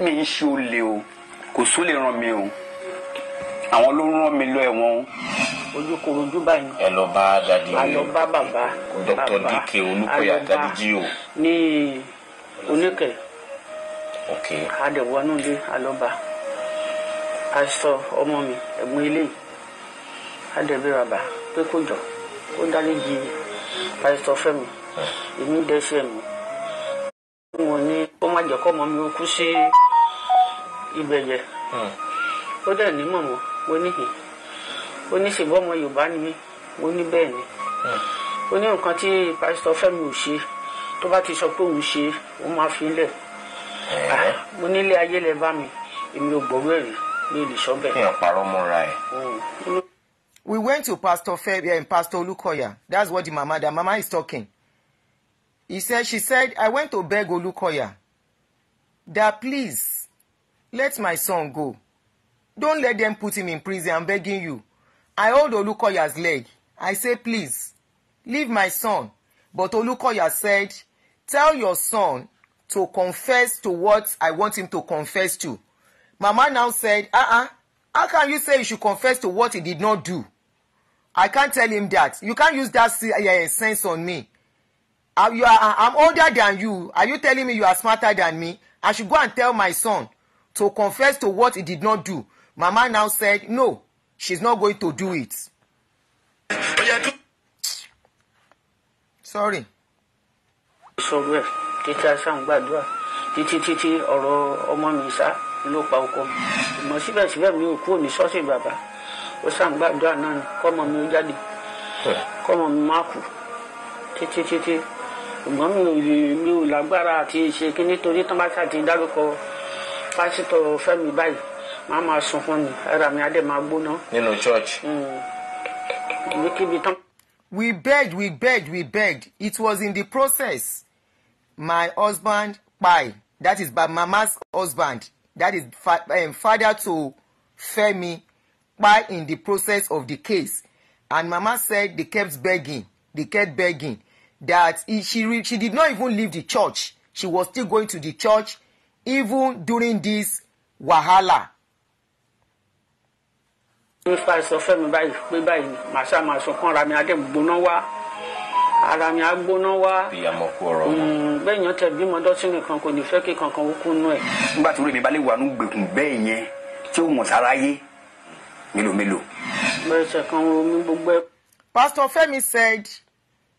mi ń ṣe olè o kò sún lè ràn mí o àwọn ló ràn mí lọ ẹ̀wọ̀n o. ojúkòròjú báyìí. ẹ lọ bá dadi o. a bá bàbá. dr dike olùkọ́yà dadi jí o. ní oníkẹ. ok. adẹ̀wọ́nú dé alọ́ba a sọ ọmọ mi ẹ̀gbọ́n eléyìí adẹ̀bẹ̀ bàbá pé kò jọ kó dáríjì pásítọ̀ fẹ́mi èmi dẹ́ṣẹ̀ mi má jẹ́ kọ́ ọmọ mi kú sí ibẹ̀ yẹn hmm. ó dẹ̀ ní mọ̀mọ́ mo ní hìn ó ní ṣèbọ́ ọmọ Yorùbá ni mí mo ní bẹ́ẹ̀ ni hmm. ó ní nǹkan tí pásítọ̀ Fẹ́mi ò ṣe tó bá ti sọ pé òun ṣe òun máa fi lẹ̀ eh. ah, mo nílé ayé lẹ bá mi èmi ò gbọ́rú ẹ̀rí mi ò lè sọ bẹ́ẹ̀. èèyàn parọ́ mọ́ra ẹ̀. Hmm. We went to Pastor Febia and eh, Pastor Olukoya. That's what the mama, the mama is talking. He said, she said, I went to beg Olukoya Dad, please, let my son go. Don't let them put him in prison, I'm begging you. I hold Olukoya's leg. I say, please, leave my son. But Olukoya said, tell your son to confess to what I want him to confess to. Mama now said, uh-uh, how can you say he should confess to what he did not do? I can't tell him that. You can't use that eh, eh, sense on me. Uh, I'm older than you. Are you telling me you are smarter than me? I should go and tell my son to confess to what he did not do. Mama now said, no, she's not going to do it. Sorry. So ẹ̀ teacher aṣáhùn gbàdúrà titi titi oro ọmọ mi sá ló pa ọkọ mi ìmọ̀ síbẹ̀síbẹ̀ mi ò kúrò ní ṣọ́ọ̀ṣì bàbá ó ṣáhùn gbàdúrà náà ni kọ́mọ mi ó jáde kọ́mọ mi má Titi titi ṣùgbọ́n mi ò lágbára àti ṣe kí nítorí tó bá ṣàti dárúkọ pásítọ̀ Fẹ́mi báyìí màá máa sunkún ni ara mi á dẹ̀ máa gbóná. nínú church. Hmm. we begged we begged we begged it was in the process my husband pai that is by mama's husband that is fa um, father to Femi pai in the process of the case and mama said they kept begging they kept begging that he, she, she did not even leave the church. She was still going to the church even during this wahala. ló fà sọ fẹmi hmm, yẹn tẹ bímọ dọ́tí nìkan kò ní fẹ́ kí kankan ó kú nú ẹ̀. nígbà tí orí bá lè wà nù gbèkùn bẹ́ẹ̀ yẹn tí ó wọ̀n sára yé mélòó mélòó. bẹ́ẹ̀ ṣe omi gbogbo ẹ. Pastor Femi said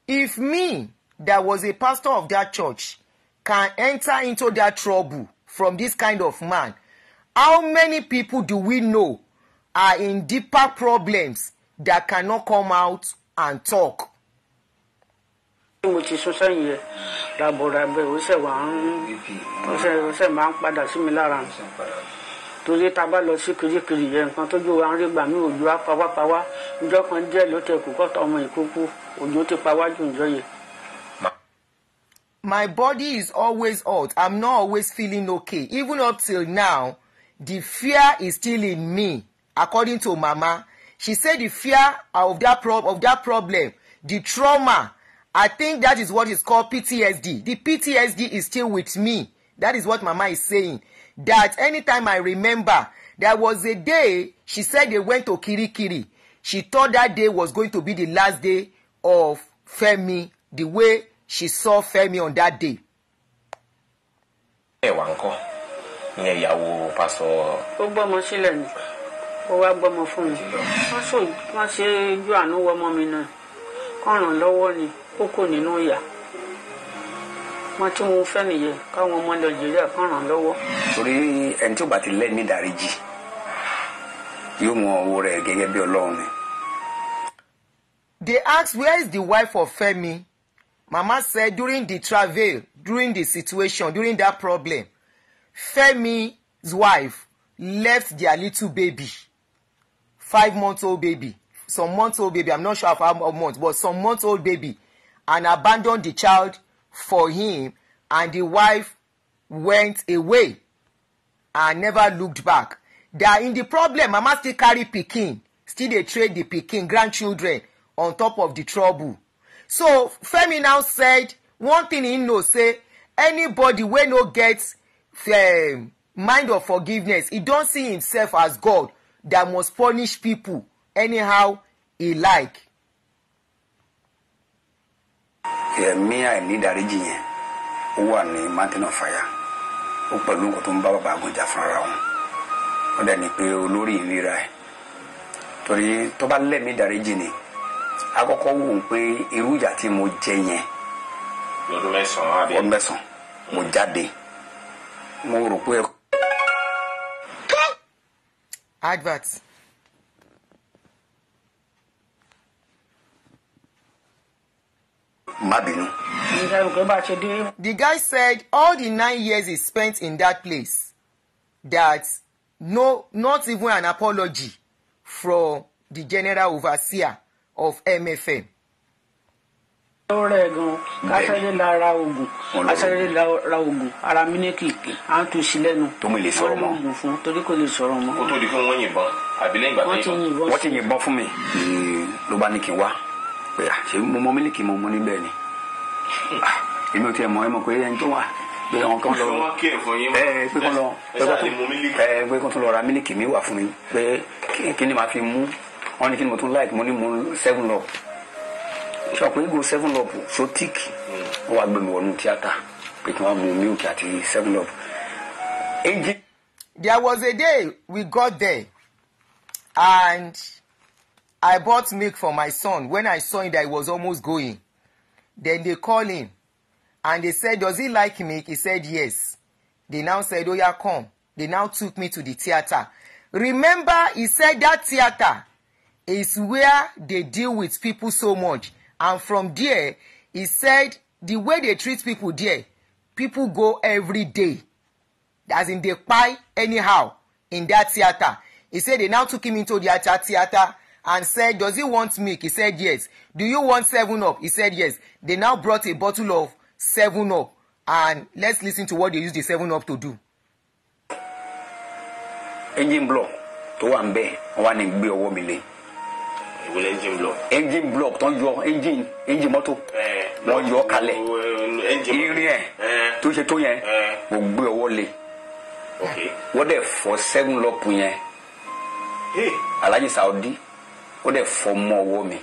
If me, that was a pastor of that church, can enter into that trouble from this kind of man, how many people do we know are in deeper problems that cannot come out and talk? mo ti sún sẹ́yìn yẹn ràbọ̀ràbẹ̀ ó ṣẹ̀ wá ń ó ṣẹ̀ máa ń padà sí mi lára torí tá bá lọ sí kirikiri yẹn nǹkan tójú wa ń rí gbà mí òjò apawápawá njọ́ kan díẹ̀ ló tẹ kù kọ́tà ọmọ ìkókó òjò ti pa wájú njọ́ yẹn. My body is always hot. I'm not always feeling okay. Even up till now, the fear is still in me, according to Mama. She said the fear of that pro of that problem, the trauma. I think that is what is called PTSD. The PTSD is still with me. That is what Mama is saying that anytime I remember, there was a day she said they went to Kirikiri. She thought that day was going to be the last day of Femi, the way she saw Femi on that day. ẹ̀wà ńkọ́ ní ìyàwó pásọ. ó gbọ́mọ sílẹ̀ ni ó wá gbọ́mọ fún mi wọ́n ṣe ojú àánú wọ́mọ mi náà kọ́ràn lọ́wọ́ ni ó kò nínú ìyà wọn tí mo fẹ́ nìyẹn káwọn ọmọ nàìjíríà kan ràn lọ́wọ́. torí ẹni tí ó bá ti lẹ́ ní ìdáríjì yóò mọ owó rẹ̀ gẹ́gẹ́ bí ọlọ́run ni. They ask where is the wife of Femi? Mama said during the travel, during the situation, during that problem, Femi's wife left their little baby, five month old baby, some month old baby, I'm not sure how how much, but some month old baby, and abandoned the child for him and the wife went away and never looked back. They in the problem. Mama still carry pikin, still dey trade the pikin grandchildren on top of the trouble. So Femi now said one thing he know say anybody wey no get um, mind of forgiveness he don see himself as God that must punish people anyhow he like. ẹ̀mí àìní ìdáríjì yẹn ó wà ní mountain of fire ó pẹ̀lú nǹkan tó ń bá bàbá àgùnjà ara wọn ó dẹ̀ ní pé olórí ìlera ẹ̀ torí tó bá lẹ́mí ìdáríjì ni akọkọ wò ó pé irú mo jẹ yẹn ọdún mẹ́sàn mo jáde mo rò pé. má The guy said all the nine years he spent in that place that no not even an apology from the general overseer of MFM. ó rẹ̀ kásáré la ra oògùn kásáré la ara mi ní kìkì à ń tu sí lẹ́nu tó mi lè sọ̀rọ̀ mọ́ wọ́n ti yìnbọn fún mi. ló bá ní kí n wá pé ah, ṣé mo mọ mílíkì mo mú níbẹ̀ ni ah, èmi ò tiẹ̀ mọ ẹ pé ẹni tó wà pé àwọn kan lọ ẹ pé kan lọ lọ ra mílíkì mi wà fún mi pé kí ni màá fi mú wọn ní kí ni mo tún like mo ní mo seven lọ ṣọpọ ego seven lọ so thick ó wàá gbẹmí wọnú tíátà pé kí wọn mú milk àti seven lọ. there was a day we got there and. I bought milk for my son when I saw him that he was almost going. Then they called him and they said, Does he like milk? He said, Yes. They now said, Oh, yeah, come. They now took me to the theater. Remember, he said that theater is where they deal with people so much. And from there, he said the way they treat people there, people go every day. As in, they pie anyhow in that theater. He said they now took him into the theater and said, Does he want milk? He said, Yes. Do you want seven Up? He said, Yes. They now brought a bottle of seven Up. And let's listen to what they use the seven Up to do. Engine block tó wà ń bẹ́ẹ̀ wọ́n wá ní gbé ọwọ́ mi lé. ìwúlẹ̀ engine block. engine block tó ń yọ engine engine mọ́tò. wọ́n yọ kalẹ̀ irin ẹ̀ tó ṣe tó yẹn mo gbé ọwọ́ lé. wọ́n dẹ̀ fọ́ seven lọ́pù yẹn Alhaji Saudi ó dẹ̀ fọ́ mọ́ ọwọ́ mi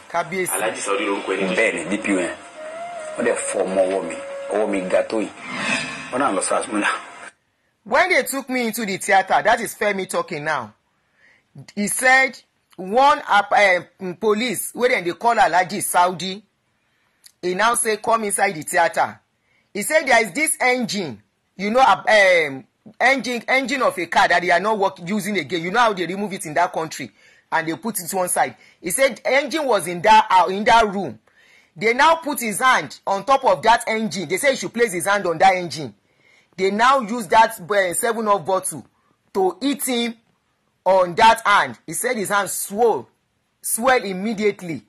Alhaji Saudi lórúkọ ẹni bẹ́ẹ̀ ni DP yẹn ó dẹ̀ fọ́ mọ́ ọwọ́ mi ọwọ́ mi ga tó yìí wọ́n náà lọ sí àtúnlá. When they took me into the theatre that is Femi talking now he said one uh, police wey dem dey call Alhaji Saudi he now say come inside the theatre he say there is this engine you know um, engine engine of a car that they are not work, using again you know how they remove it in that country and they put it to one side he said engine was in that uh, in that room they now put his hand on top of that engine they say he should place his hand on that engine they now use that uh, seven up bottle to hit him on that hand he said his hand swell swell immediately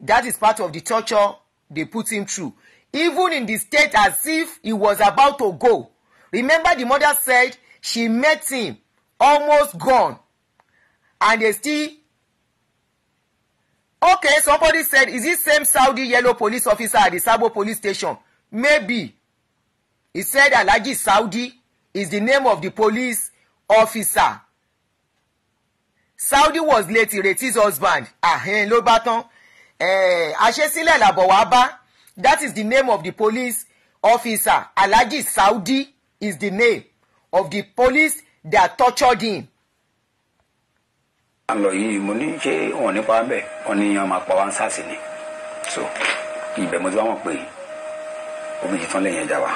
that is part of the torture they put him through even in the state as if he was about to go remember the mother said she met him almost gone and they still okay somebody said is this same saudi yellow police officer at the sabo police station maybe he said Alaji saudi is the name of the police officer saudi was late Reti's husband ahen ló bá tán eh, àṣesílẹ̀ làbọ̀ wá that is the name of the police officer Alaji saudi is the name of the police that tortured him à ń lọ yìí mo ní ṣé wọn ní pa bẹ́ẹ̀ wọn ní yan máa pa wá ń sàṣì ni so ibẹ̀ mo ti wá mọ̀ pé omi yìí tán lẹ́yìn ẹja wa.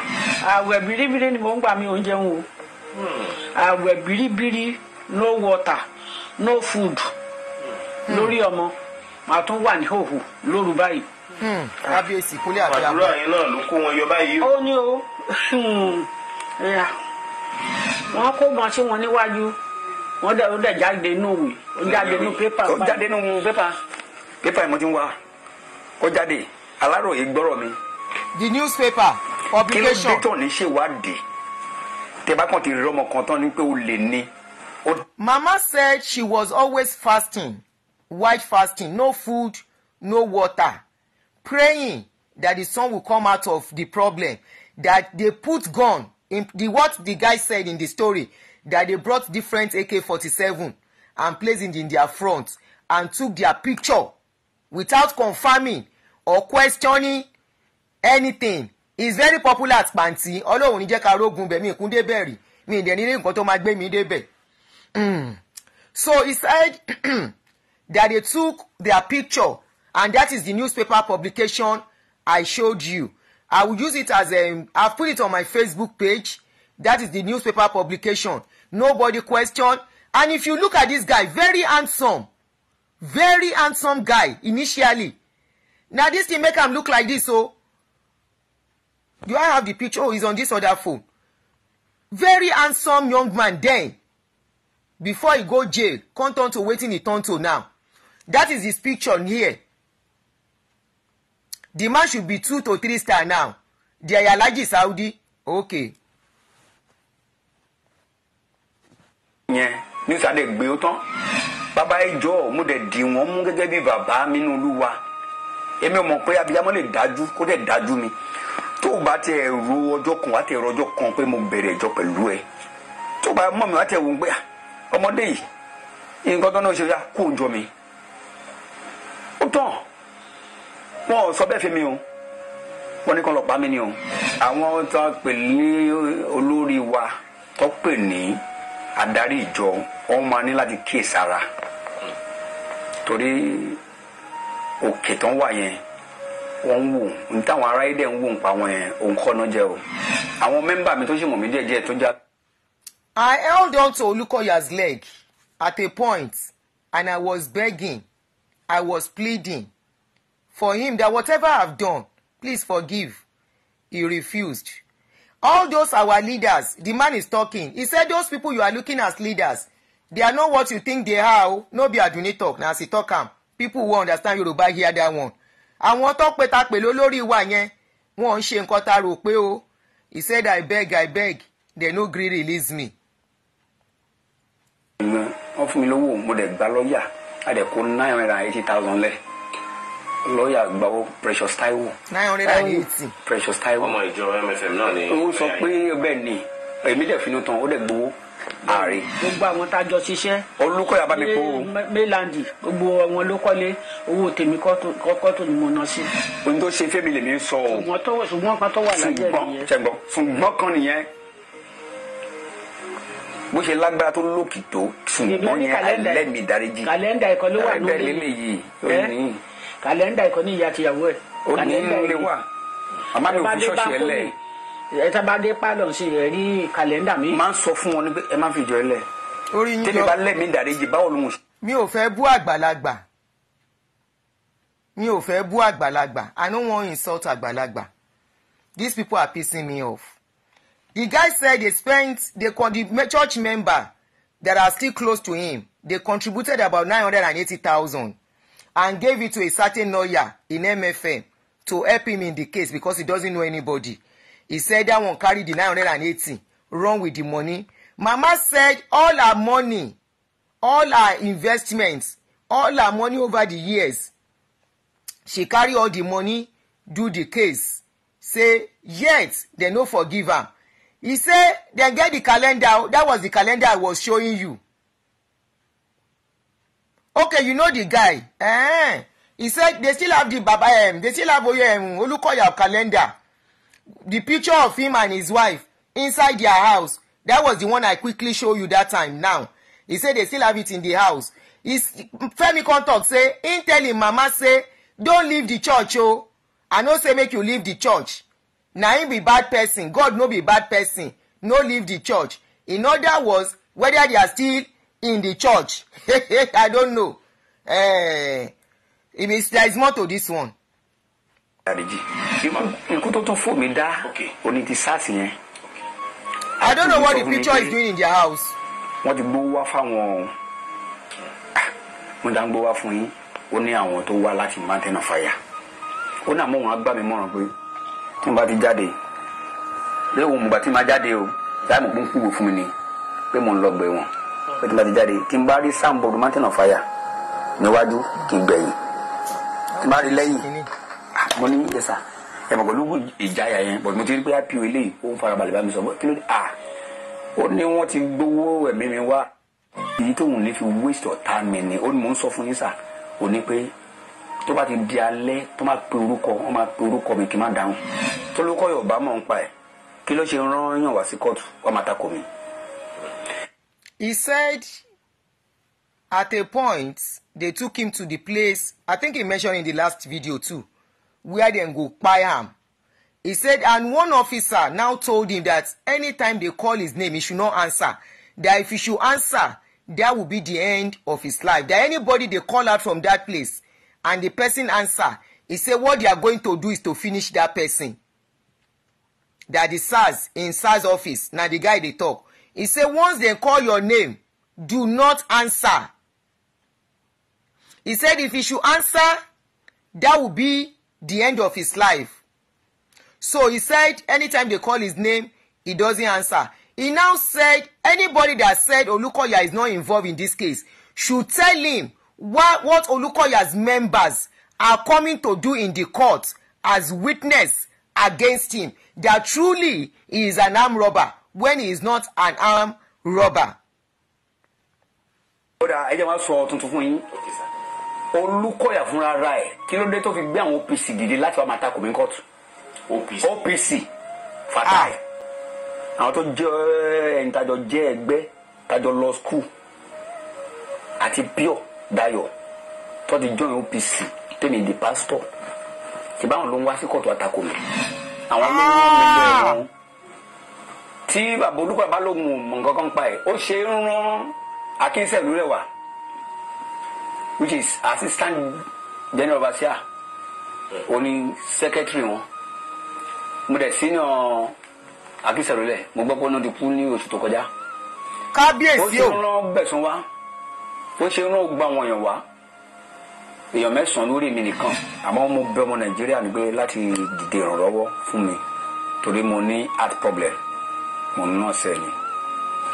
àwẹ̀ biribiri ni mo ń gbà mí oúnjẹ ń wo àwẹ̀ biribiri no water no food hmm. lórí ọmọ màá tún wà ní hòhò lóru báyìí hmm. kábíyèsí kúnlẹ̀ àti àpò. àdúrà yín náà ló kó wọn yọ báyìí. ó ní o hmm. wọ́n kó mọ sí wọn níwájú wọ́n dẹ̀ wọ́n dẹ̀ jáde nù wì jáde nù pépà. ó jáde nù pépà pépà yìí mo ti ń wá ó jáde aláròye gbọ́rọ̀ mi. the newspaper publication. kí ló dé tó ní ṣèwádìí tẹ bá kàn ti rí kan tán ni pé o lè ní. mama said she was always fasting white fasting no food no water praying that the sun will come out of the problem that they put gun in the what the guy said in the story that they brought different AK-47 and placed it in their front and took their picture without confirming or questioning anything is very popular at Panti ọlọ́run ní jẹ́ ká rógun bẹ̀ mí ìkún débẹ̀ rí mi ìdẹ̀ nílé nǹkan tó máa gbé mi débẹ̀. Hmm. so he said that they took their picture and that is the newspaper publication I showed you. I will use it as a, um, I've put it on my Facebook page. That is the newspaper publication nobody question and if you look at this guy very handsome very handsome guy initially na this thing make am look like this o oh. do i have the picture oh he's on this other phone very handsome young man then before he go jail come turn to wetin he turn to now that is his picture here the man should be two to three star now the ayalaji saudi okay yẹn ní sáré gbé ó tán bàbá ìjọ mo dẹ̀ dì wọ́n mú gẹ́gẹ́ bí bàbá mi nínú olúwa èmi ò mọ̀ pé abiyamọ lè dájú kó dẹ̀ dájú mi tó o bá tiẹ̀ ro ọjọ́ kan wá tiẹ̀ ro ọjọ́ kan pé mo bẹ̀rẹ̀ ìjọ pẹ̀lú ẹ tó o bá mọ̀ mi wá tiẹ̀ wò ń ọmọdé yìí nǹkan tó náà ṣe yá kó o jọ mi ó tán wọn sọ bẹ́ẹ̀ fi mi o wọn ní kàn lọ́ọ́ pa mí ni o àwọn tó ń pè ní olórí wa tó pè ní adarí ìjọ wọn máa ní láti kíyè sára torí òkè tó ń wà yẹn wọn ń wò ní táwọn ará ẹdẹ ń wò nípa wọn yẹn òun kọ́ náà jẹ́ o àwọn mẹ́mbà mi tó ṣì mọ̀ mí díẹ̀díẹ̀ tó já. I held on to Olukoya's leg at a point and I was begging I was pleading for him that whatever I have done please forgive he refused all those our leaders the man is talking he said those people you are looking as leaders they are not what you think they are oh. no be aduni talk na as he talk am um, people who understand yoruba hear that one àwọn tó pe ta pè lólórí wa yẹn wọn ń ṣe nǹkan ta rò pé o oh. he said i beg i beg they no gree release me. wọ́n fún mi lówó mo dẹ̀ gbá lọ́ọ̀yà a dẹ̀ kó nine hundred and eighty thousand lẹ́ẹ̀ lọ́ọ̀yà gbàwọ́ Precious Taiwo. nine hundred and eighty. Precious Taiwo. ọmọ ìjọ MFM náà ni. ó sọ pé bẹ́ẹ̀ ni èmi dẹ̀ finú tán ó dẹ̀ gbowó ààrẹ. gbogbo àwọn tájọ ṣiṣẹ́. olùkọ́ yàrá mi kó o. gbogbo àwọn ló kọ́lé owó tèmi kọ́kọ́ tó ni mo ná sí. ohun tó ṣe fẹ́mi lèmi ń sọ ṣùgbọ́n kan tó wà lájẹ́ nìyẹn. ṣùgbọ́n kan nìyẹn bó ṣe lágbára tó lókìtó ṣùgbọ́n yẹn alẹ́ mi dáríjì. kàlẹ́ndà ìkọlówà kàlẹ́ndà ìkọ́ni ìyá àtìyàwó ẹ̀ kàlẹ́ndà ìlú àmọ́ mi ò fi ṣọ́ọ̀ṣì ẹ lẹ̀ ẹ tá bá dé pálọ̀ sí ẹ rí kàlẹ́ndà mi. máa ń sọ fún wọn pé ẹ má fi jọ ẹ lẹ̀ tẹ́lẹ̀ bá lẹ̀ mí báwo ló ń. mi ò fẹ́ bú àgbàlagbà mi ò fẹ́ bú àgbàlagbà I no wan insult àgbàlagbà these people are pissing me off the guy said they spent they con the church member that are still close to him they contributed about nine hundred and eighty thousand and gave it to a certain lawyer in MFM to help him in the case because he doesn't know anybody. He said that one carry the nine hundred and eighty run with the money. Mama said all her money, all her investments, all her money over the years, she carry all the money, do the case. Say, yet, they no forgive her. He said, then get the calendar. That was the calendar I was showing you okay you know the guy eh? he said they still have the baba um, they still have um, Olukoya calendar the picture of him and his wife inside their house that was the one I quickly show you that time now he say they still have it in the house his Femi come talk say him tell him mama say don leave the church o oh. I no say make you leave the church na him be bad person God no be bad person no leave the church in other words whether they are still in the church i don't know eh, it means there is more to this one. ikú tó tún fún mi dá oní ti sars yẹn. i don't know what the preacher is doing in their house. wọ́n ti gbówó wá fáwọn wọ́n dá ń gbówó wá fún yín ó ní àwọn tó wá láti mountain of fire ó ní àmọ́ òun á gbà mí mọ̀ràn pé tí mo bá ti jáde léwu mo bá ti máa jáde o láì mọ̀ pé ń kúwò fún mi ni pé mo ń lọ gbé wọn bẹ́ẹ̀ tí bá ti jáde tí n bá rí soundboard mountain of fire níwájú kì í gbẹ̀yìn tí n bá rí lẹ́yìn mo ní yẹsà ẹ mọ̀ pẹ̀lú ìjáyà yẹn bọ̀ mo ti rí pé ipo eléyìí ó ń farabalẹ̀ bá mi sọ kí ló dé ah ó ní wọ́n ti gbowó ẹ̀mí mi wá èyí tóun lè fi waste ọ̀tá mi ni ó ní mò ń sọ fún yín sà ó ní pé tó bá ti di alẹ́ tó máa pe orúkọ wọ́n máa pe orúkọ mi kí n má dáhùn tó lóko yorùbá mọ̀ ń pa ẹ̀ kí ló ṣe rán yàn wá sí kóòtù wọ́n máa takò mi. He said at a point they took him to the place I think he mentioned in the last video too where dem go kpai am. He said and one officer now told him that anytime they call his name he should not answer that if he should answer that will be the end of his life that anybody dey call out from that place and the person answer he say what they are going to do is to finish that person that the SARS in SARS office na the guy dey talk He say once they call your name, do not answer. He said if he should answer, that would be the end of his life. So he said anytime they call his name, he doesn't answer. He now said anybody that said Olukoya is not involved in this case should tell him what, what Olukoya's members are coming to do in the court as witness against him that truly he is an armed robber when he is not an armed robber. ó dà ẹ jẹ́ wá sọ tuntun fún yín olùkọ́yà fúnra ra ẹ̀ kí ló dé tó fi gbé àwọn OPC dìde láti wá máa takò mí kóòtù OPC Fatai ah. àwọn tó jẹ́ ẹni tájọ jẹ́ ẹgbẹ́ tájọ lọ skul àti pure Dayo tó ti join OPC tèmi di pastor ṣùgbọ́n àwọn ló ń wá sí kóòtù àtakò mi àwọn ló ń wá mi lẹ́yìn wọn tí bàbá olúkọ bá ló mú mọ nǹkan kan pa ẹ ó ṣe ń rán akínsẹ̀lú rẹ̀ wá which is assistant general basia oní secretary wọn mo dẹ̀ sínú akínsẹ̀lú rẹ̀ mo gbọ́ pé ó náà ti kú ní oṣù tó kọjá kábíyèsí o ó ṣe ń rán bẹ̀sùn wá ó ṣe ń rán gba àwọn èèyàn wá èèyàn mẹ́sàn-án lórí mi nìkan àmọ́ mo bẹ̀ ọmọ nàìjíríà nígbé láti dìde ìrànlọ́wọ́ fún mi torí mo ní heart problem mo ń sẹ ni.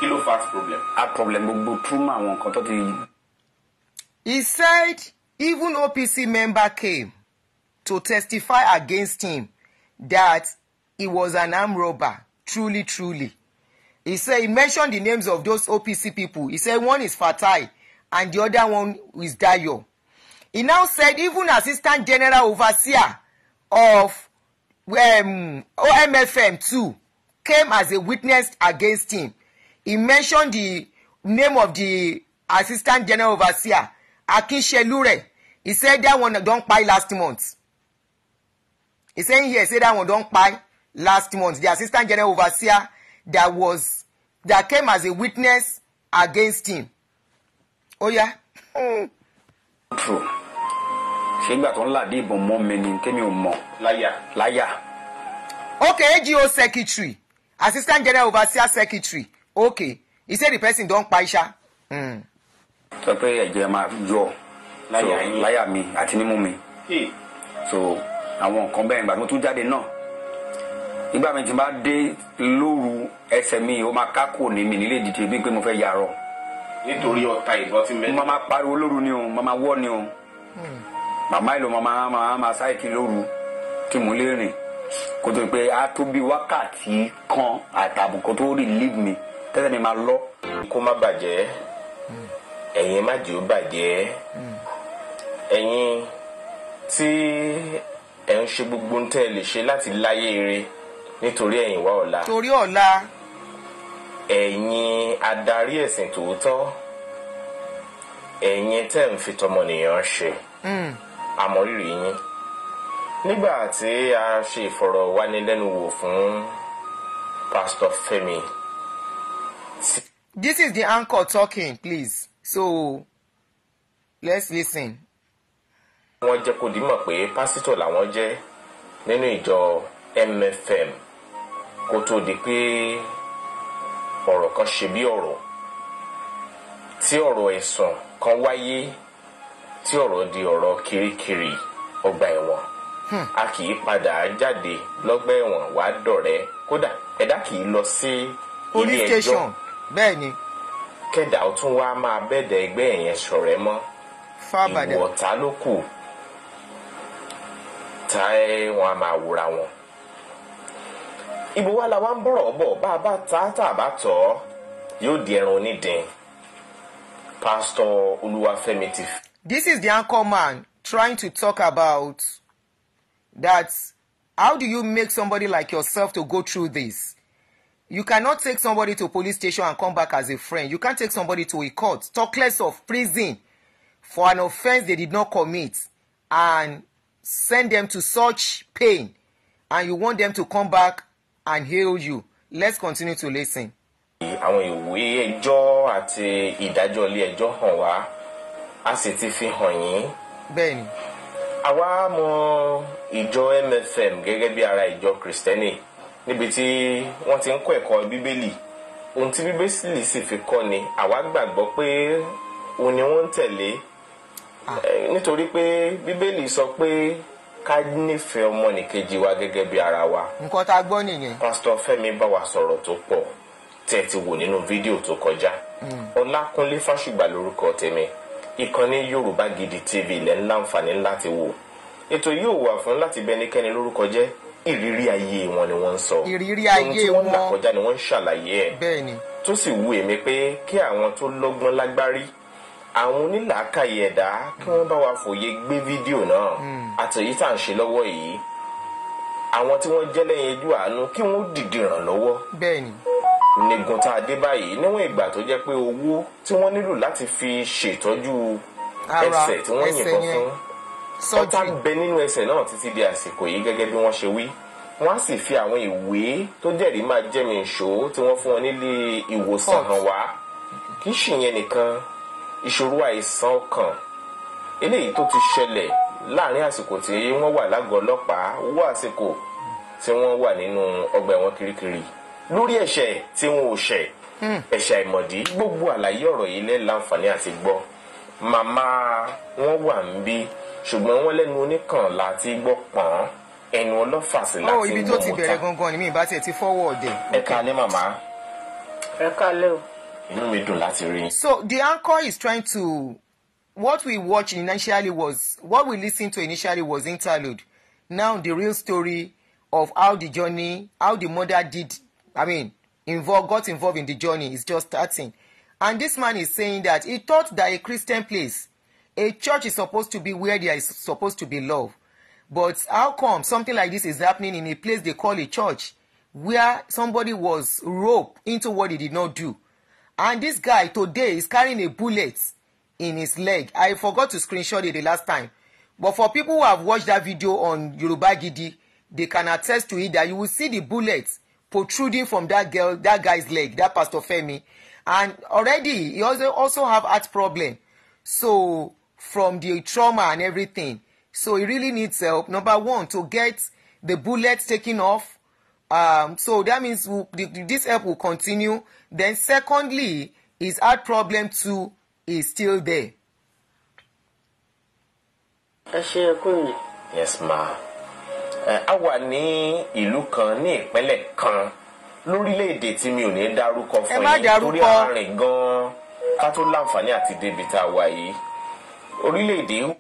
kí ló fa problem. a problem gbogbo túmọ̀ àwọn nǹkan tó ti. He said even OPC member came to testify against him that he was an armed robber truly truly. He said he mentioned the names of those OPC people. He said one is Fatai and the other one is Dayo. He now said even assistant general overseer of um, OMFM too came as a witness against him. He mentioned the name of the Assistant General Overseer, Akinshelure. He said that one don't kpai last month. He's saying here, say that one don't kpai last month. The Assistant General Overseer that was that came as a witness against him. Ó yá. Ṣégbà tó ń làdí ìbọn mọ́ mi ni kémi ò mọ̀ láyà. Láyà. Okay, AGO secretary assistant general overseer secretary okay he say the person don pa iṣa. Hmm. sọ pé ẹ̀jẹ̀ máa yọ láyà mi àti nímú mi so àwọn nǹkan bẹ́ẹ̀ nígbà tí mo tún jáde náà nígbà mi tí n bá dé lóru ẹsẹ̀ mi ó máa kákò ní mi nílé ìdíje bíi pé mo fẹ́ yàrọ̀. nítorí ọ̀tá ìbọn ti mẹ́rin. mo máa pariwo lóru ni o mo máa wọ́ ni o hmm. màmá ìlú mo máa máa máa lóru tí mo lè rìn kó tó pé a tó bí wákàtí kan àtàbùn kó tó relieve mi tẹ́tẹ́ mi máa lọ. kó má bàjẹ́ ẹ̀yin má jẹ́ ó bàjẹ́ ẹ̀yin tí ẹ̀ ń ṣe gbogbo ń tẹ́ ẹ lè ṣe láti láyé ire nítorí ẹ̀yìn wá ọ̀la. torí ọ̀la. ẹ̀yin adarí ẹ̀sìn tòótọ́ ẹ̀yin tẹ́ ń fi tọmọnìyàn ṣe àmọ́ hmm. rírì yín nígbà tí a ṣe ìfọ̀rọ̀wánilẹ́nuwò fún Pastor Femi. This is the anchor talking, please. So, let's listen. wọ́n jẹ́ kó dìímọ̀ pé pásítọ̀ làwọn jẹ́ nínú ìjọ MFM kó tó di pé ọ̀rọ̀ kan ṣe bí ọ̀rọ̀ tí ọ̀rọ̀ ẹ̀sùn kan wáyé tí ọ̀rọ̀ di ọ̀rọ̀ kirikiri ọgbà ẹ̀wọ̀n. Hmm. a kì í padà jáde lọ́gbà ẹ̀wọ̀n wàá dọ̀rẹ́ kódà ẹ̀dá kì í lọ sí ilé ẹjọ́ bẹ́ẹ̀ ni. kẹ̀dà ó tún wá máa bẹ̀dẹ̀ ẹgbẹ́ yẹn ṣọ̀rẹ́ mọ́ ìwọ̀ ta ló kù ta ẹ̀ wọn a máa wúra wọn. ibo wa la wá ń bọ̀rọ̀ bọ̀ bá a bá ta tá a bá tọ̀ ọ́ yóò di ẹran onídìín pásítọ̀ olúwafẹ́mi ti. This is the anchor man trying to talk about that how do you make somebody like yourself to go through this? You cannot take somebody to police station and come back as a friend. You can't take somebody to a court, talk less of prison for an offense they did not commit and send them to such pain and you want them to come back and heal you. Let's continue to listen. Àwọn ìwé ẹjọ́ àti ìdájọ́ ilé ẹjọ́ hàn wá, a sì ti fi hàn yín. Bẹ́ẹ̀ni. Àwa mọ ìjọ MFM gẹ́gẹ́ bí ara ìjọ kristẹni níbi tí wọ́n ti ń kọ́ ẹ̀kọ́ bíbélì ohun tí bíbélì sì fi kọ́ ni àwa gbàgbọ́ pé òun ni wọ́n ń tẹ̀lé ah. eh, nítorí pé bíbélì sọ pé ká nífẹ̀ẹ́ ọmọnìkejì wa gẹ́gẹ́ bí ara wa. nǹkan tá a gbọ́ nìyẹn. pásítọ̀ Fẹ́mi bá wa sọ̀rọ̀ tó pọ̀ tẹ́ ti wò nínú fídíò tó kọjá. Hmm. Ọlákúnlé Fásùgbà lórúkọ tèmi ìkànnì Yorùbá Gidi TV lẹ́ ń láti wò ètò yóò wà fún láti bẹ ẹnikẹ́ni lórúkọ jẹ́ ìrírí ayé wọn ni wọ́n ń sọ ìrírí ayé wọn ohun tí wọ́n là kọjá ni wọ́n ń ṣàlàyé ẹ̀ bẹ́ẹ̀ni tó sì wù èmi pé kí àwọn tó lọ́gbọ́n lágbárí àwọn onílàákàyè ẹ̀dá kí wọ́n bá wa fòye gbé fídíò náà hmm. àti èyí tá à ń ṣe lọ́wọ́ yìí àwọn tí wọ́n jẹ́ lẹ́yìn ojú àánú kí wọ́n dìde ràn lọ́wọ́. bẹ́ẹ̀ni. nìgùn tá a dé báyìí níwọ̀n ìgbà tó jẹ́ pé owó tí wọ́n nílò láti fi ṣètọ́jú ẹsẹ̀ tí wọ́n yìnbọn fún ọ̀tá ń bẹ nínú ẹsẹ̀ náà títí di àsìkò yìí gẹ́gẹ́ bí wọ́n ṣe wí wọ́n á sì fi àwọn ìwé tó jẹ́rìí máa jẹ́mi ìṣó tí wọ́n fún wọn nílé ìwòsàn hàn wá kì í ṣìyẹn nìkan ìṣòro àìsàn ọkàn eléyìí tó ti ṣẹlẹ̀ láàrin àsìkò tí wọ́n wà lágọ̀ọ́ ọlọ́pàá wọ àsìkò tí wọ́n wà nínú ọgbà ẹ̀wọ̀n kirikiri lórí ẹ̀ṣẹ̀ tí wọn ò ṣẹ̀ hmm. ẹ̀ṣẹ̀ àìmọ̀dí gbogbo àlàyé ọ̀rọ̀ yìí lẹ́ láǹfààní àti gbọ́ màmá wọn wà ń bí ṣùgbọ́n wọ́n lẹ́nu oníkàn láti gbọ́ pọ́n ẹnu ọlọ́fà sí láti gbọ́ oh, mọ́ta. ibi tó ti bẹ̀rẹ̀ gangan ni mi ìbá tiẹ̀ ti fọ́wọ́ ọ̀dẹ̀. ẹ kalẹ́ màmá. ẹ kalẹ́ o. inú mi dùn láti rí. so the anchor is trying to what we watch initially was what we listened to initially was interlude now the real story of how the journey how the mother did i mean involve got involved in the journey is just starting And this man is saying that he thought that a Christian place, a church is supposed to be where there is supposed to be love. But how come something like this is happening in a place they call a church where somebody was roped into what he did not do? And this guy today is carrying a bullet in his leg. I forgot to screenshot it the last time. But for people who have watched that video on Yoruba Gidi, they can attest to it that you will see the bullet protruding from that girl, that guy's leg, that Pastor Femi and already he also also have heart problem so from the trauma and everything so he really needs help number one to get the bullet taken off um, so that means we'll, this help will continue then secondly his heart problem too is still there. yes ma. ẹ a wà ní ìlú kan ní ìpínlẹ̀ kan lórílẹ̀ tí mi ò ní dárúkọ fún yín torí àárín gan-an ká tó láǹfààní àti débi tá a wà yìí orílẹ̀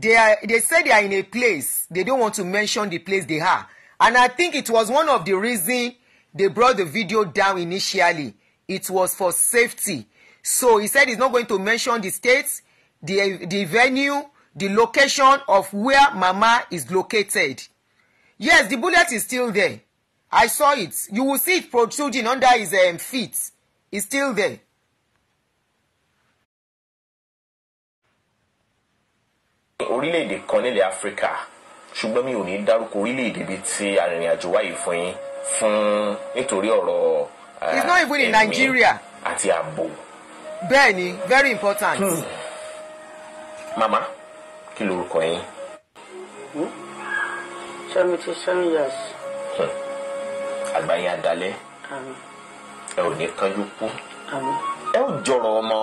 they are they say they are in a place they don't want to mention the place they are and i think it was one of the reason they brought the video down initially it was for safety so he said he's not going to mention the state the the venue the location of where mama is located yes the bullet is still there I saw it. You will see it protruding under his um, feet. It's still there. orílẹ̀-èdè kan nílẹ̀ áfíríkà ṣùgbọ́n mi ò ní dárúkọ orílẹ̀-èdè bíi ti arìnrìn-àjò wáyé fún yín fún nítorí ọ̀rọ̀ eh, it's not even in Nigeria àti ààbò. bẹ́ẹ̀ni very important. Hmm. mama kí lorúkọ yín. Hmm? seventy seven years. Hmm àgbáyé adalẹ ẹ ò ní kánjú kú ẹ ò jọrọ ọmọ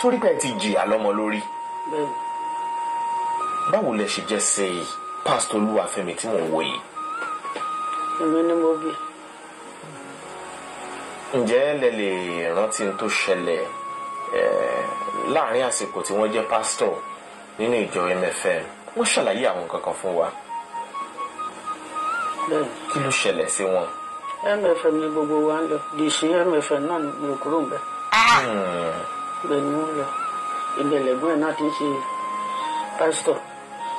torí pé ẹ ti jìyà lọ́mọ lórí báwo lẹ ṣe jẹ́ ṣe pásítọ̀ olúwàfẹ́mi tí mò ń wò yìí. èmi ni mo bí. ǹjẹ́ lẹ lè rántí tó ṣẹlẹ̀ láàrin àsìkò tí wọ́n jẹ́ pásítọ̀ nínú ìjọ MFM wọ́n ṣàlàyé àwọn kankan fún wa kí ló ṣẹlẹ̀ sí wọn. MFM ni gbogbo wa ń lọ dìsí MFM náà ló kúrò ń bẹ. Hmm. bẹ́ẹ̀ ni wọ́n lọ ìbẹ̀lẹ̀gbọ́n náà ti ń ṣe pásítọ̀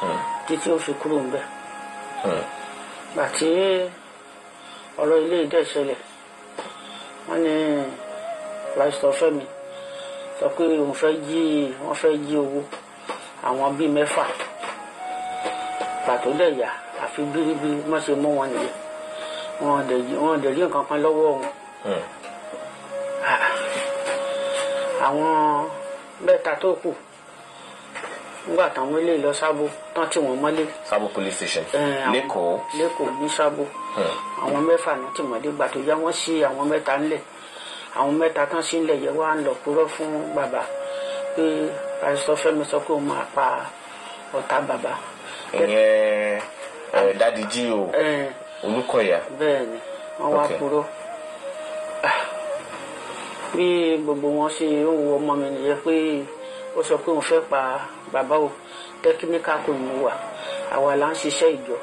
hmm. títí ó fi kúrò ń bẹ. Hmm. bàtí ọ̀rọ̀ ilé ìdẹ́sẹ̀lẹ̀ wọ́n ní pásítọ̀ Fẹ́mi sọ pé òun fẹ́ jí wọ́n fẹ́ jí owó àwọn bíi mẹ́fà pàtó dẹ̀ yà àfi bíríbírí wọ́n ṣe mú wọn nìyẹn wọn dẹ̀ hmm. wọn ah. àwọn lọ sábò tán tí wọ́n mọ́lé. sábò police station eh, lẹ́kọ̀ọ́. lẹ́kọ̀ọ́ ní sábò hmm. àwọn mẹ́fà náà ti mọ́lé gbà yá wọ́n sí àwọn mẹ́ta ńlẹ̀ àwọn mẹ́ta tán sí ńlẹ̀ yẹn wá ń lọ purọ́ fún bàbá pé pásítọ̀ Fẹ́mi sọ pé òun máa pa ọ̀tá bàbá. ìyẹn eh, dádìjí o. Eh òun kọ ya. bẹ́ẹ̀ni wọn wá kúrò bí gbogbo wọn ṣe ń wo ọmọ mi nìyẹn pé ó sọ pé òun fẹ́ pa bàbá o tẹkíníkà kò ní wà àwa là ń ṣiṣẹ́ ìjọ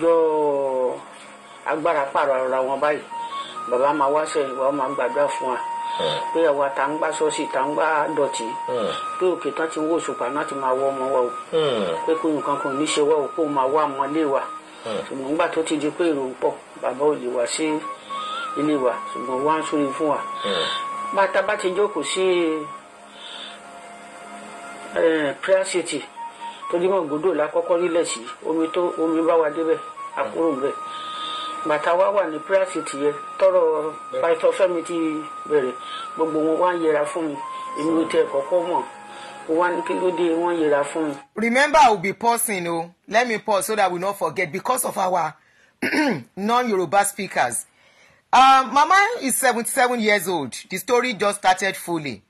jọ agbára pààrọ̀ ara wọn báyìí bàbá máa wá sẹ́yìn wa máa gbàdúrà fún wa hmm. pé àwa tá ń gbá ṣọ́ọ̀ṣì tá ń gbá dọ̀tí hmm. pé òkè tán ti ń wò ṣùpá náà ti máa wọ ọmọ wa o hmm. pé kò nǹkan kò ní ṣe wá o kó máa wá ọmọlé wa ṣùgbọ́n nígbà tó ti di pé èrò ń pọ̀ bàbá ò lè wá sí ilé wa ṣùgbọ́n wá ń súre fún wa bàtà bá ti jókòó sí prayer city tó dé mọ̀gbọ́dọ̀ lákọ́kọ́ nílẹ̀ sí omi tó omi bá wa débẹ̀ àkúrò ń bẹ̀ bàtà wa wà ní prayer city yẹn tọrọ pàtó fẹmi ti bẹ̀rẹ̀ gbogbo wọn wá ń yẹra fún mi èmi ò tẹ kọ́kọ́ mọ̀ remember i will be pausing o oh. let me pause so that we no forget because of our non-yoruba speakers. Uh, mama is seventy-seven years old the story just started fully.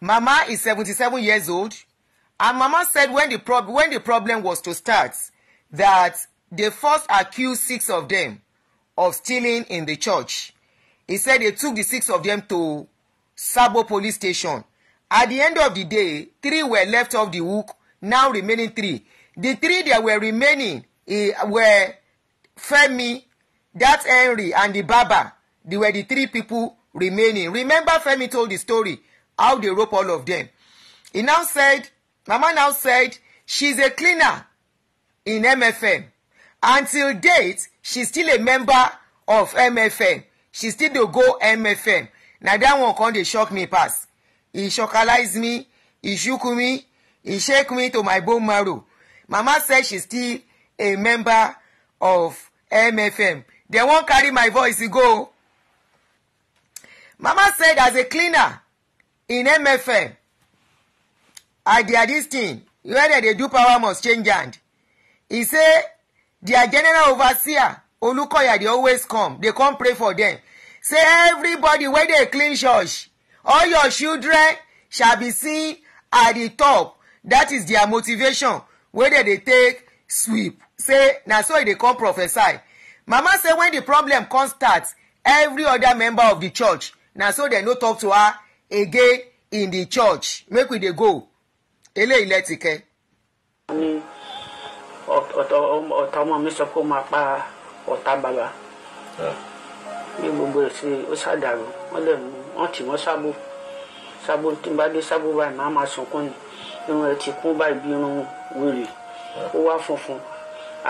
Mama is seventy-seven years old, and Mama said when the prob when the problem was to start, that they first accused six of them of stealing in the church. He said they took the six of them to Sabo police station At the end of the day, three were left off the hook, now remaining three. The three that were remaining uh, were Femi, that Henry, and the Baba. They were the three people remaining. Remember, Femi told the story how they rope all of them. He now said, Mama now said, she's a cleaner in MFM. Until date, she's still a member of MFM. She still dey go MFM. Na that one come dey shock me pass. He chocolates me. He shook me. He shake me to my bone marrow. Mama said she's still a member of MFM. They won't carry my voice e go. Mama said as a cleaner in MFM, I did this thing. Whether they do power must change hand. He say their general overseer Olukoya dey always come. They come pray for them. Say everybody wey dey clean church all your children shall be seen at the top that is their motivation wey dem dey take sweep say na so e dey come prophesy mama say when the problem come start every other member of the church na so dem no talk to her again in the church make we dey go eléyìí lẹ́tìkẹ́. ni ọ̀tá ọmọ mi sọ pé ó máa pa ọ̀tá bàbá ah. ní gbogbo èsì ó ṣàdàrú wọ́n lè mú wọ́n tì mọ́ sábò sábò tí n bá dé sábò báyìí màá máa sunkún ni irun rẹ̀ ti kún báyìí bí irun wèrè ó wá funfun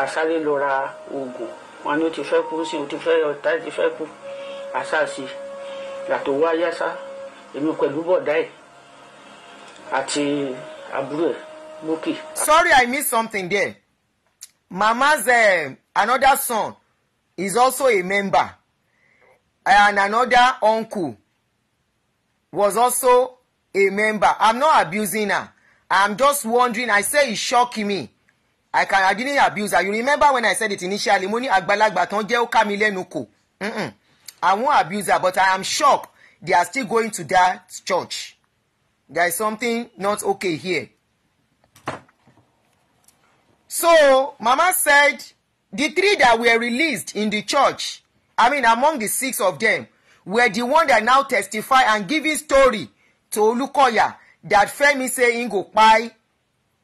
àsálẹ̀ lọ ra oògùn wọn ni ó ti fẹ́ kú sí ó ti fẹ́ ọ̀tá ti fẹ́ kú àsáàsì yàtọ̀ wá yásá èmi pẹ̀lú bọ̀dá ẹ̀ àti àbúrò ẹ̀ bókè. sorry i missed something there mama's uh, another son is also a member and another uncle was also a member i'm not abusing her i'm just wondering i say e shock me i can i didn't abuse her you remember when i said it initially mo ní àgbàlagbà tán jẹ́ ó ká mi lẹ́nu kò i won't abuse her but i am shocked they are still going to that church there is something not okay here so mama said the three that were released in the church i mean among the six of them were the one that now testify and give his story to Olukoya that Femi say he go kpai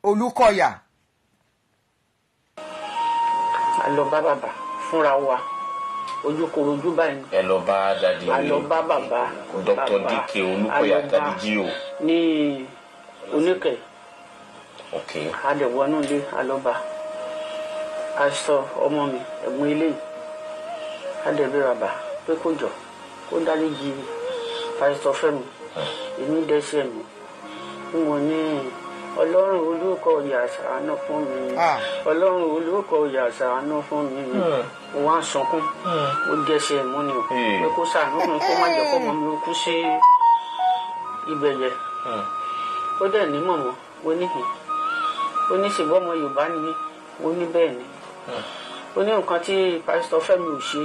Olukoya. a lọ bá bàbá fúnra wa ojúkorojú báyìí. ẹ lọ bá dadi o. a lọ bá bàbá. Dr. Dike Olukoya dadiji o. ní oníkẹ. ok. a lè wọnú ilé a lọ bá a sọ ọmọ mi ẹ̀gbọ́n ilé yìí a lè bí bàbá pé kó jọ kó ń dáríjì pásítọ̀ Fẹ́mi èmi dẹ́ṣẹ̀ mi n ò ní ọlọ́run olùkọ́ ìyà ṣàánú fún mi ọlọ́run olùkọ́ ìyà ṣàánú fún mi mo wá ń sunkún mo dẹ́ṣẹ̀ mú ni o pé kó ṣàánú fún mi kó má jẹ́ kó mọ mi kú sí ibẹ̀ yẹn ó dẹ̀ ní mọ̀mọ́ ó ní hìn ó ní ṣùgbọ́n ọmọ Yorùbá ni mí ó ní bẹ́ẹ̀ ni ó ní nǹkan tí pásítọ̀ Fẹ́mi ò ṣe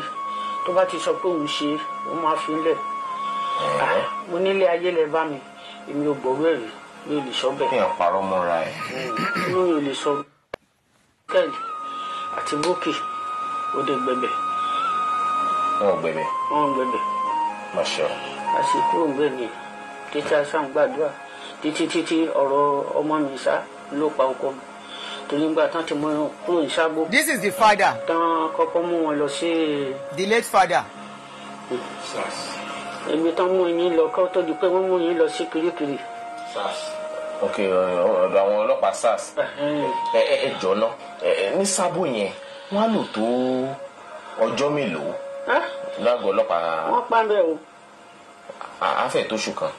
tó bá ti sọ pé òun ṣe ó máa fi ń lẹ̀ ah, mo nílé ayé lẹ bá mi èmi ò gbọ́rú ẹ̀ rí mi ò lè sọ bẹ́ẹ̀. fi hàn parọ́ mọ́ra ẹ̀. Hmm, mi ò lè sọ kẹ́lì àti bókè òde gbẹ̀bẹ̀. wọn ò gbẹ̀bẹ̀. wọn ò gbẹ̀bẹ̀. mọ̀ṣọ́. àsìkò òǹgbẹ ni títí aṣáǹgbàdúrà títí títí ọ̀rọ̀ ọmọ mi sá ló pa ọkọ mi torí tán ti mú kúrò ní sábò. this is the father. tán kọ́kọ́ mú wọn lọ sí. the late father. sars. èmi tán mú yín lọ kọ́ tó di pé wọ́n mú yín lọ sí Kirikiri. sars ok eh, ọ̀dọ̀ àwọn ọlọ́pàá sars ẹ ẹ jọ náà ní sábò yẹn wọ́n á lò tó ọjọ́ mélòó lágọ̀ọ́ ọlọ́pàá. wọ́n pa bẹ́ẹ̀ o. àáfẹ̀ tó ṣù kan.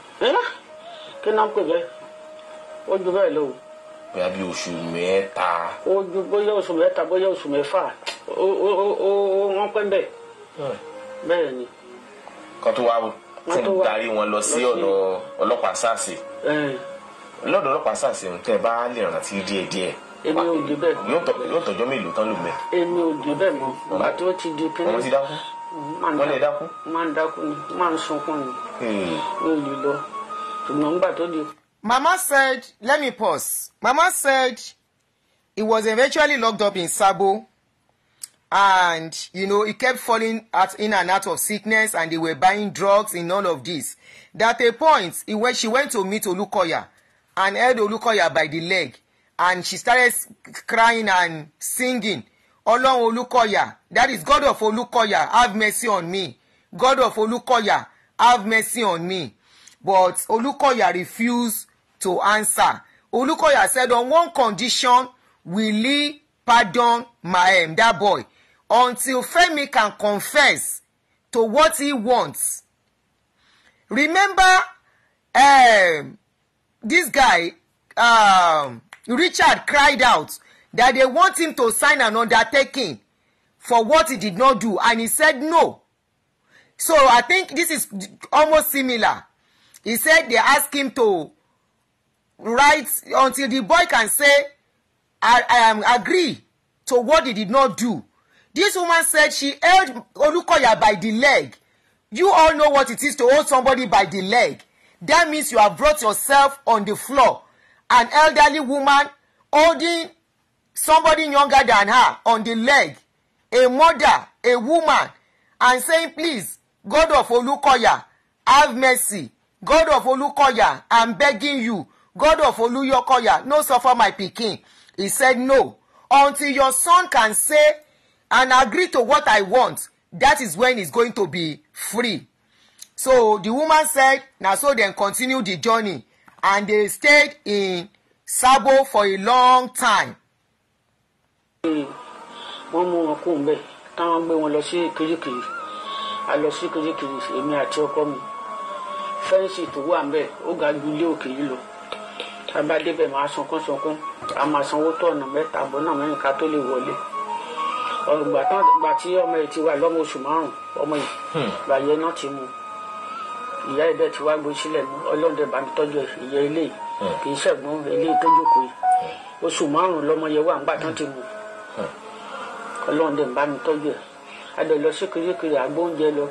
kí náà ń pè bẹ́ẹ̀ ó ju bẹ́ẹ̀ lọ o bóyá bí oṣù mẹ́ta. ojú bóyá oṣù mẹ́ta bóyá oṣù mẹ́fà ó wọ́n pẹ́ bẹ́ẹ̀ bẹ́ẹ̀ ni. kan tó wá tún darí wọn lọ sí ọ̀dọ̀ ọlọ́pàá sars lọ́dọ̀ ọlọ́pàá sars tẹ́ bá lè rántí díẹ̀díẹ̀ èmi ò dé bẹ́ẹ̀ mọ́ yóò tọ́jọ́ mélòó tán ló mẹ́. èmi ò dé bẹ́ẹ̀ mọ́ bàbá tí ó ti di pínlẹ̀ wọ́n ti dákú wọ́n lè dákú. máa ń dákú ni máa ń sunkún ni ó hmm. lè lọ ṣùgbọ́n nígbà tó di Mama said, let me pause. Mama said he was eventually locked up in Sabo and you know he kept falling at, in and out of sickness and they were buying drugs and all of this. That a point he went, she went to meet Olukoya and held Olukoya by the leg and she started crying and singing Ọlọ́run Olukoya that is God of Olukoya have mercy on me God of Olukoya have mercy on me but Olukoya refused to answer. Olukoya said, on one condition, will he pardon my um, that boy until Femi can confess to what he wants. Remember um, this guy, um, Richard cried out that they want him to sign an undertaking for what he did not do and he said no. So I think this is almost similar. He said they asked him to right until the boy can say I, I am agree to what he did not do. This woman said she held Olukoya by the leg. You all know what it is to hold somebody by the leg. That means you have brought yourself on the floor. An elderly woman holding somebody younger than her on the leg. A mother, a woman, and saying, please, God of Olukoya, have mercy. God of Olukoya, I'm begging you. God of Oluyokoya, no suffer my pikin. He said, No. Until your son can say and agree to what I want, that is when he's going to be free. So the woman said, "Now, so dem continue the journey and they stayed in Sabo for a long time. wọ́n mú wọn kó mbẹ́ táwọn gbé wọn lọ sí kirikiri a lọ sí kirikiri èmi àti ọkọ mi fẹ́ǹsì tó wà mbẹ́ ó ga ju ilé òkè yìí lọ tábà débẹ̀ máa sunkún sunkún a máa sanwó tó ọ̀nà mẹ́ta bọ́ náà mẹ́rin ká tó lè wọlé ọgbà tí ọmọ yìí ti wà lọ́mọ oṣù márùn ọmọ yìí hmm. gbàyẹ náà ti mú ìyá ẹ̀ bẹ́ẹ̀ ti wá gbé sílẹ̀ ní ọlọ́dẹ bá mi tọ́jú ìyá ilé hmm. kì í ṣẹ̀gbọ́n ilé tó jókòó yìí hmm. oṣù márùn lọ́mọ yẹn wà ńgbà tán ti mú ọlọ́dẹ bá mi tọ́jú ẹ̀ adẹ lọ sí kirikiri àgbóúnjẹ lọ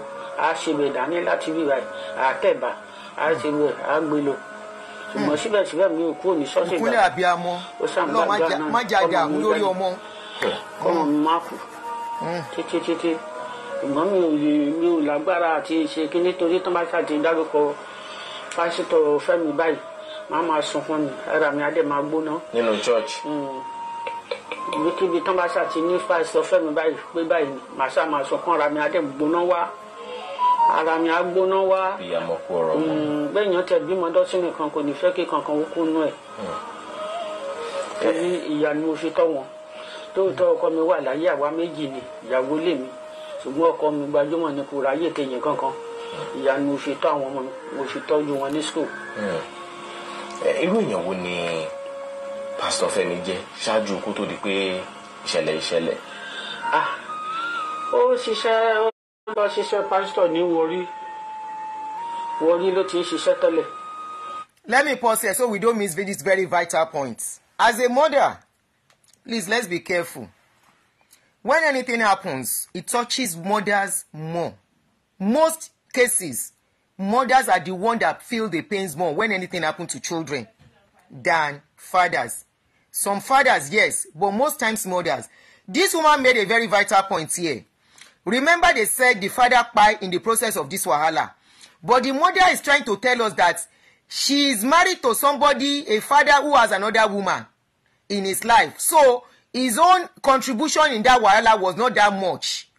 àá ṣe bẹ̀dání láti rí ìwà ẹ̀ àtẹ̀bà àá ṣe bẹ̀ àá gbé lọ ṣùgbọ́n hmm. síbẹ̀síbẹ̀ mi ò kúrò ní ṣọ́ọ̀ṣì ìgbà òkúnlẹ̀ àbíamọ ọlọ́run má jẹ́ àjà àmú lórí ọmọ. kọ́mọ mi má kú hmm. títí títí ṣùgbọ́n mi ò yè mi ò lágbára àti ṣe kí nítorí tó bá ṣàti dárúkọ pásítọ̀ fẹ́mi báyìí má máa sunkún mi ara mi á máa gbóná. nínú church hmm. ibikíbi tó bá ṣàti ní pásítọ̀ fẹ́mi báyìí pé báyìí màá ṣàmà sunkún ara mi á gbóná wá ara mi á gbóná wá gbẹ̀yàn mm, tẹ̀ bímọ dọ́sìn nìkan kò ní fẹ́ kí kankan ó kú nú ẹ̀ hmm. torí ìyá ni mo fi tọ́ wọn tóòtọ́ ọkọ mi wà láyé àwa méjì ni ìyàwó lè mi ṣùgbọ́n ọkọ mi gbajúmọ̀ ní kura ayé kejì kankan hmm. ìyá ni mo fi tọ́ àwọn ọmọ mi mo fi tọ́jú wọn ní school. Hmm. irú èèyàn ni pásítọ̀ Fẹ́mi jẹ́ ṣáájú kó tó di pé ìṣẹ̀lẹ̀ ìṣẹ̀lẹ̀. Ah, ó ṣiṣẹ́ lọ ṣiṣẹ́ pásítọ̀ ní Warri Warri ló ti ń ṣiṣẹ́ tẹ́lẹ̀. Let me pause here so we don't miss this very vital point. As a mother, please let's be careful. When anything happens, it touches mothers more. Most cases, mothers are the one that feel the pains more when anything happens to children than fathers. Some fathers, yes, but most times mothers. This woman made a very vital point here. Remember they said the father pie in the process of this wahala. But the mother is trying to tell us that she is married to somebody, a father who has another woman in his life. So his own contribution in that wahala was not that much.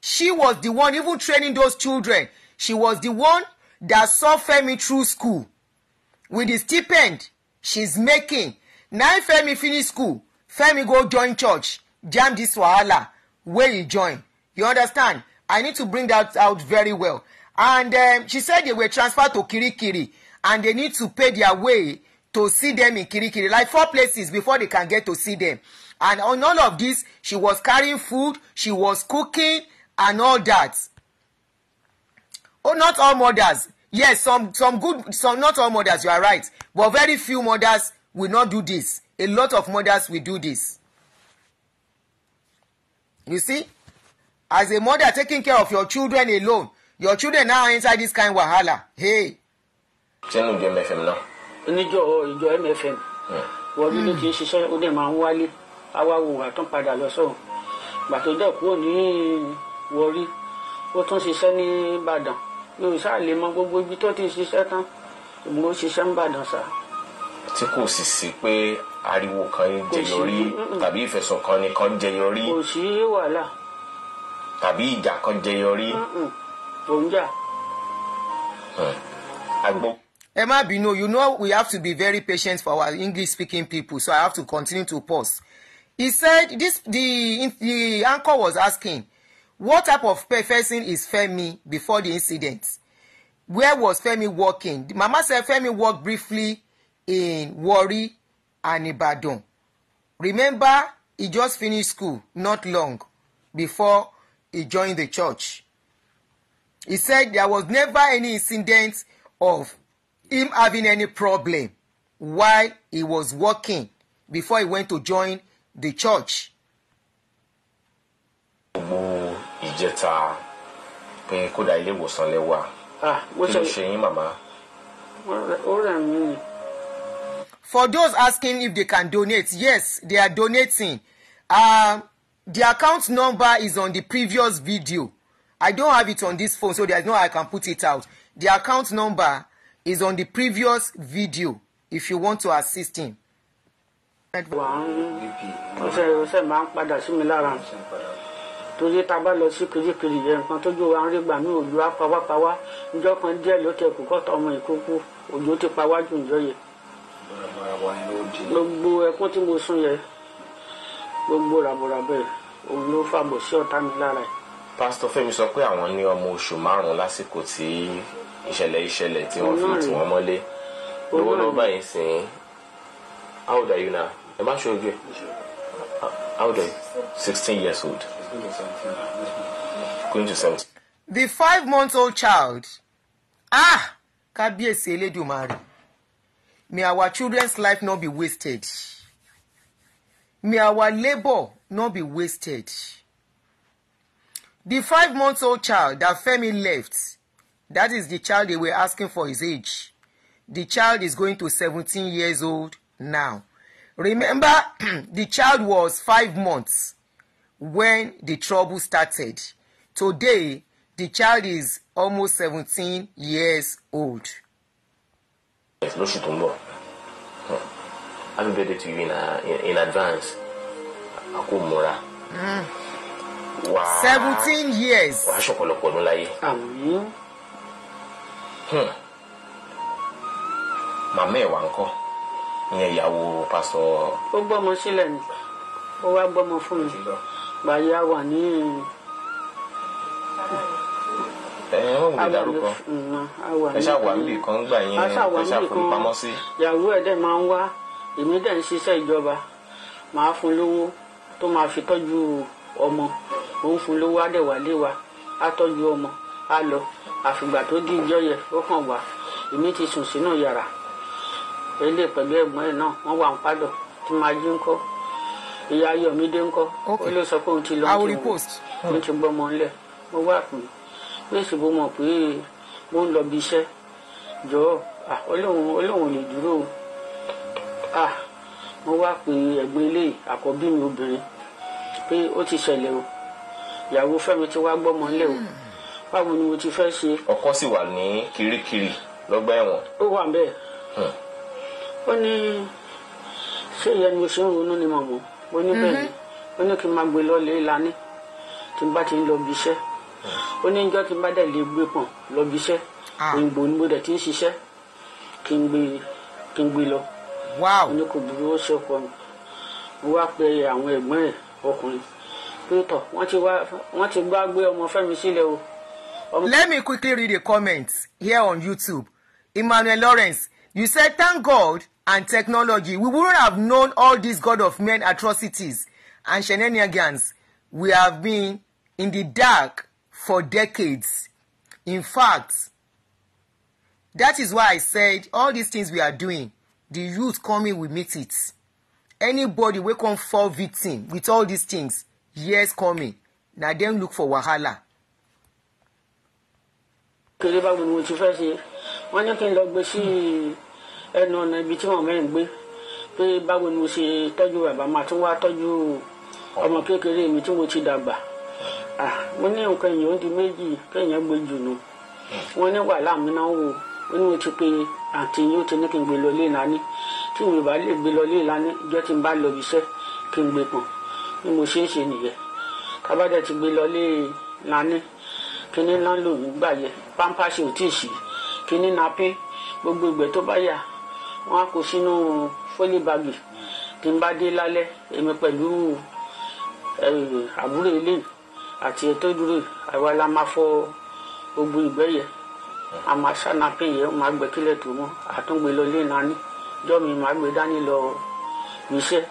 She was the one even training those children. She was the one that saw Femi through school. With the stipend she's making. Now Femi finish school, Femi go join church, jam this wahala, where he join. You understand? I need to bring that out very well. And um, she said they were transferred to Kirikiri and they need to pay their way to see them in Kirikiri, like four places before they can get to see them. And on all of this, she was carrying food, she was cooking, and all that. Oh, not all mothers. Yes, some some good, some not all mothers. You are right, but very few mothers will not do this. A lot of mothers will do this. You see as a mother taking care of your children alone your children now are inside this kind wahala hey. ṣé ní oh, ìjọ mfm náà. oníjọ ìjọ mfm hmm. wọlé ló ti ń ṣiṣẹ́ ó dẹ̀ máa ń wálé awáwo wà tán padà lọ sọ́hùn gbàtó dẹ̀ kúrò ní wọrí ó tún ṣiṣẹ́ ní ìbàdàn yóò ṣáà lè mọ gbogbo ibi tó ti ṣiṣẹ́ tán mo ṣiṣẹ́ ń bàdàn sá. tí kò sì sí pé ariwo kan ń jẹyọrí tàbí ìfẹ̀sùnkanni kan ń jẹyọrí. kò sí wàhálà tàbí ìjà kan jẹyọ ẹ má bínú you know we have to be very patient for our English speaking people so I have to continue to pause. He said this the the anchor was asking what type of person is Femi before the incident? Where was Femi working? The mama said Femi worked briefly in Warri and Ibadan. Remember, he just finished school not long before he joined the church. He said there was never any incident of him having any problem while he was working before he went to join the church. gbogbo ìjẹta pé eh, kódà ilé ìwòsàn lẹ wà ah, kí ṣe yín màmá. For those asking if they can donate, yes, they are donating. Um, the account number is on the previous video i don't have it on this phone so there's no i can put it out the account number is on the previous video if you want to assist him. torí tá lọ sí kirikiri yẹn nǹkan tójú wa ń rí gbà mí òjò apawápawá njọ́ kan díẹ̀ ló tẹ kù kọ́tà ọmọ ìkókó òjò ti pa wájú njọ́ yẹ. gbogbo ẹkún tí mo sún yẹ gbogbo ràbọ̀ràbọ̀ yẹ òun ló sọ pé àwọn ní ọmọ oṣù márùn lásìkò tí ìṣẹ̀lẹ̀ ìṣẹ̀lẹ̀ tí wọ́n fi tì wọ́n mọ́lé lọ́wọ́ lọ́wọ́ báyìí sìn how old are you now ẹ má ṣe ojú ẹ how old are you sixteen years old going to seventeen. the five month old child ah kábíyèsí elédùnmarè may our children's life not be wasted may our labour not be wasted. The five months old child that Femi left, that is the child they were asking for his age. The child is going to 17 years old now. Remember, the child was five months when the trouble started. Today, the child is almost 17 years old. lóṣù tó ń bọ̀ happy birthday to you in, uh, in, in advance a kò hmm. seventeen years. wàá ṣọ̀pọ̀lọpọ̀ ọdún láyé. Hmm. màmá ẹ̀ wà ń kọ́ ìyẹn ìyàwó pásọ. ó gbọ́mọ sílẹ̀ ni ó wá gbọ́mọ fún mi gbàyà wà ní. ẹ̀yin ó wùdí dárúkọ hmm, ẹ ṣàwà níbì kan gbà yín ẹ ṣàfòrúpamọ́ sí. ìyàwó ẹ̀ dẹ̀ máa ń wá èmi dẹ̀ ń ṣiṣẹ́ ìjọba màá fún lówó tó máa fi tọ́jú ọmọ òun fún lówó adẹ̀wálé wa á tọ́jú ọmọ á lọ àfìgbà tó di ìjọ yẹ ó kàn wá èmi ti sùn sínú yàrá ilé pẹ̀lú ẹ̀gbọ́n ẹ̀ náà wọ́n wà ń padọ̀ tí máa jí ń ìyá Yọ̀mídé ń ó ló sọ pé òun ti lọ kí òun ti gbọ́mọ ńlẹ̀ mo wà pé pèsè bó mọ̀ pé mo ń lọ bí iṣẹ́ jọ̀ọ́ olóhùn olóhùn lè dúró ah mo wá pe ẹ̀gbọ́n ilé àkọ́bí mi obìnrin pé ó ti ṣẹlẹ̀ o ìyàwó Fẹ́mi ti wá gbọ́mọ ńlẹ̀ o báwo ni mo ti fẹ́ ṣe. ọkọ sì wà ní Kirikiri lọ́gbà ẹ̀wọ̀n. ó wà bẹ́ẹ̀ hmm. ó ní ṣé ìyẹn ni mo ṣe ń ronú ni màmú mo ní bẹ́ẹ̀ ni mm-hmm. ó ní kí n máa gbé lọ lé tí n bá ti ń lọ bí iṣẹ́ hmm. ó ní njọ́ tí n bá dẹ̀ lè gbé pọ̀n lọ bí iṣẹ́ ah. òyìnbó ni mo dẹ̀ ti ń ṣiṣẹ́ kí n gbé lọ mo ó ṣe ọkọ mi wá pe àwọn ẹ̀gbọ́n ẹ̀ ọkùnrin pé tọ̀ wọ́n ti gbàgbé ọmọ Fẹ́mi sílẹ̀ o. Let me quickly read the comments here on YouTube. Emmanuel Lawrence, you said thank God and technology. We wouldn't have known all these God of men atrocities and shenanigans. We have been in the dark for decades. In fact, that is why I said all these things we are doing the youth coming will meet it anybody wey come fall victim with all these things years coming na dem look for wahala. kéré báwo ni mo ti fẹ́ ṣe wọ́n ní kí n lọ gbé sí ẹnu ọ̀nà ibi tí wọ́n mẹ́rin gbé pé báwo ni mo ṣe tọ́jú bàbá máa tún wá tọ́jú ọmọ kékeré mi tí mo ti dàgbà mo ní nǹkan èèyàn méjì kéèyàn gbé jù nù wọ́n ní wàhálà mi náà wò ó ó ní mo ti pe àǹtí yín ó ti ní kí n gbé lọ ilé ìlání tí mi ò bá lè gbé lọ ilé ìlání jẹ́ kí n bá lọ ibi iṣẹ́ kí n gbé pọ̀n bí mo ṣe ń ṣe nìyẹn kábàdẹ̀ ti gbé lọ ilé ìlání kíní láńlòdù gbà yẹ pampasi ò tí ì sí kíní napín gbogbo ìgbẹ́ tó bá yà wọ́n á kó sínú fólì báàgì n bá dé lálẹ́ èmi pẹ̀lú àbúrò ilé àti ètò ìdúró àwa la máa fọ gbogbo ìgbẹ́ yẹn a máa ṣànàpé yẹn máa gbé kílẹ̀ tó mọ́ àtúngbé nání jọ́ mi máa gbé dání lọ iṣẹ́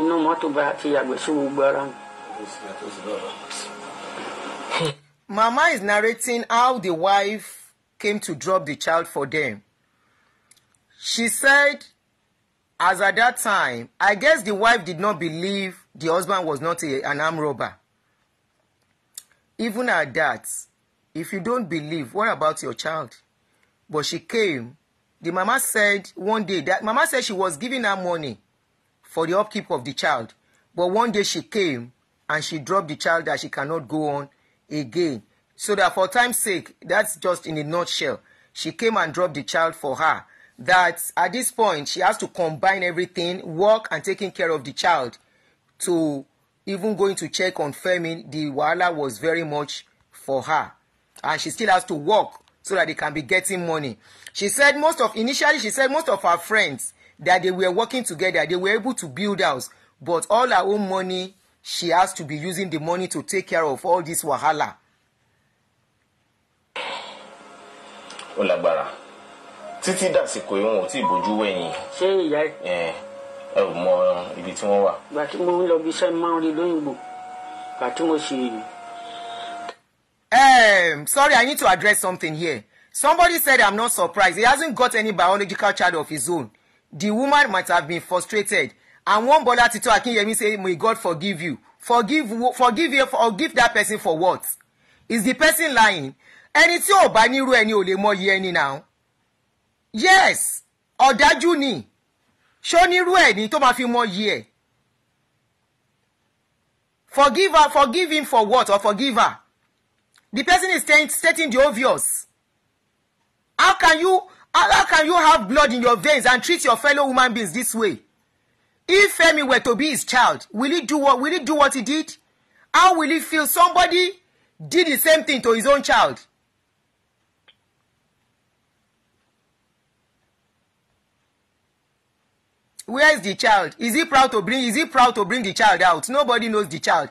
inú mọ́tò bá ti yàgbẹ́ sí gbogbo ara mi. Mama is narrating how the wife came to drop the child for them. She said, as at that time, I guess the wife did not believe the husband was not a, an armed robber. Even at that, If you don't believe, what about your child? But she came. The mama said one day that mama said she was giving her money for the upkeep of the child. But one day she came and she dropped the child that she cannot go on again. So that for time's sake, that's just in a nutshell. She came and dropped the child for her. That at this point, she has to combine everything, work and taking care of the child to even going to check on Femi, the wala was very much for her. and she still has to work so that they can be getting money. She said most of initially she said most of her friends that they were working together they were able to build house but all her own money she has to be using the money to take care of all this wahala. ó lágbára títí dàsìkò ìwọ̀n ò tí ì bójú wẹ̀yìn. ṣé ìyá ẹ ẹ ò mọ ibi tí wọ́n wà. ìgbà mo ń lọ bí iṣẹ́ máa ń rí lóyìnbó ìgbà mo sì. Si Um, sorry, I need to address something here. Somebody said I'm not surprised. He hasn't got any biological child of his own. The woman might have been frustrated. And one Bola Tito Akinyemi say, may God forgive you. Forgive, forgive you, forgive that person for what? Is the person lying? Ẹni tí ò bá nírú ẹni ò lè mọ iye ẹni náà. Yes, ọ̀dájú ni. Ṣó nírú ẹni tó máa fi mọ iye ẹ̀? Forgive her, forgive him for what or forgive her? the person is stating the obvious how can you how, how can you have blood in your veins and treat your fellow human beings this way if Femi were to be his child will he do what will he do what he did how will he feel somebody did the same thing to his own child where is the child is he proud to bring is he proud to bring the child out nobody knows the child